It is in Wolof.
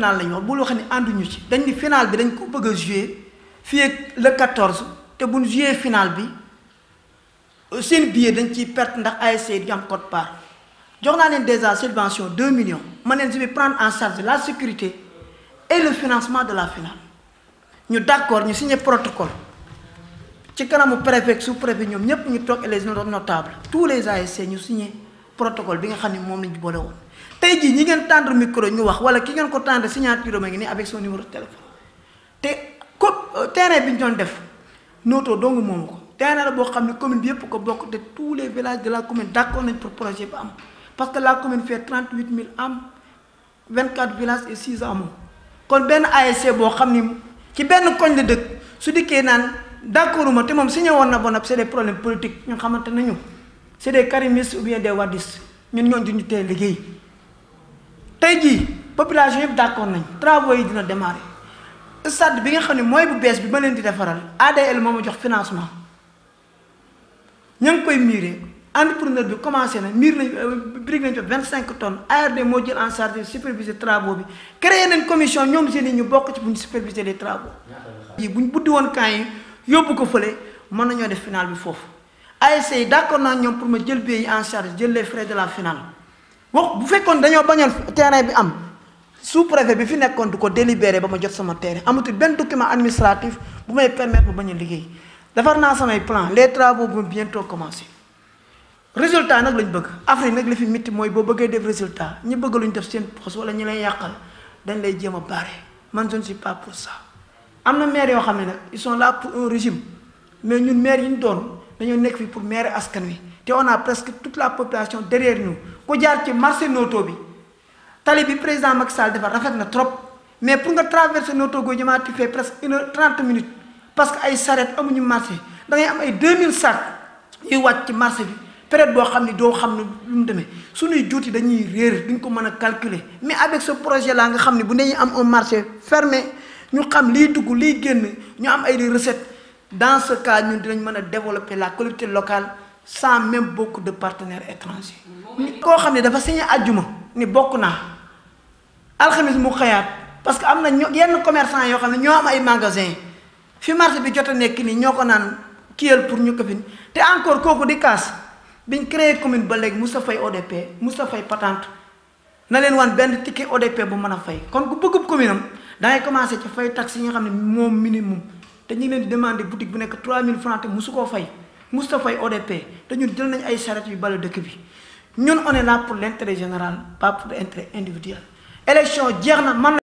final lañu wax bul wax ni ànduñu ci dañ ni final bi dañ ko bëgg a joué fii ak le 14 te buñ joué final bi euh, seen billet dañ ciy perte ndax ASC du am quote part jox naa leen à subvention deux millions ma neen je prendre en charge la sécurité et le financement de la finale ñu d'accord ñu signé protocole ci kanamu préfet sous-préfet ñoom ñëpp ñu toog et les notables tous les ASC ñu signé protocole bi nga xam ne moom lañu boole woon tey jii ñi ngeen tendre micro ñu wax wala ki ngeen ko tendre signature ma ngi nii avec son numéro de téléphone te ko euh, terrain bi ñu doon def nootoo dong moom ko terrain la boo xam ne commune bi yëpp ko bokk te tous les villages de commune d'accord pour projet bi am parce que la commune fait 38 000 âmes 24 kon benn ASC boo xam ni ci benn koñ la dëkk su dikkee naan d'accord ma te moom signé woon na bon ab c'est des problèmes ñu xamante nañu c'est des karimistes ou bien des ñu ñun duñu tee liggéey tey jii population yëpp d'accord nañ travaux yi dina démarrer stade bi nga xam ne mooy bu bees bi ma leen di defaral l moo ma jox financement ña ngi koy miiree bi commencé na miir nañ euh, brique nañ fa vingt cinq tonnes ARD moo jël en charge superviser travaux bi créé nañ commission ñoom seen i ñu bokk ci bu ñu superviser les travaux. bu ñu buddi woon camp yi yóbbu ko fële mën nañoo def final bi foofu ASC yi d'accord naa ñoom pour ma jël billets yi en charge jël les frais de la finale. wax bu fekkoon dañoo bañoon terrain bi am su préfet bi fi nekkoon du ko délibéré ba ma jot sama terrain amatul benn document administratif bu may permettre ma bañ a liggéey defar naa samay plan les travaux vont bientôt commencé résultat nag lañ bëgg Afrique nag li fi mitti mooy boo bëggee def résultat ñi lu ñu def seen poche wala ñi lay yàqal dañ lay jéem a baare man je si suis pas pour ça am na maire yoo xam ne nag ils sont là pour un régime mais ñun maire yi ñu doon dañoo nekk fi pour maire askan wi te on a presque toute la population derrière nous ku jaar ci marché Noto bi tali bi président Macky Sall defar rafet na trop mais pour nga traverser Noto goo jëmaat tu presque une heure trente minutes parce que ay charrette amuñu marché da am ay deux 2000 sacs yuy wat ci marché bi période boo xam ni doo xam ne lu mu demee suñuy juuti dañuy réer duñ ko mën a calculer mais avec ce projet laa nga xam ne bu dañuy am un marché fermé ñu xam liy dugg liy génn ñu am ay recettes dans ce cas ñun dinañ mën a développer la collectivité locale sans même beaucoup de partenaire étrangers. ni koo xam ne dafa signé àjjuma ni bokk naa alxamis mu xëyaat parce que am na ño yenn commerçant yoo xam ne ñoo am ay magasin fi marché bi jot a nekk nii ñoo ko naan kiyal pour ñu ko te encore kooku di kaas biñ créé commune ba léegi sa fay ODP musa fay patente na leen wan benn ticket ODP bu mën a fey kon ku bëggub commune am dangay commencé ci fay taxe yi nga xam ne moom minimum te ñu ngi leen di demandé boutique bu nekk 3000 francs te musu koo fay. Moustapha ODP dañu jël nañ ay charrette yu bale dëkk bi ñun on est là pour l' intérêt général pas pour l' intérêt individuel élection jeex na man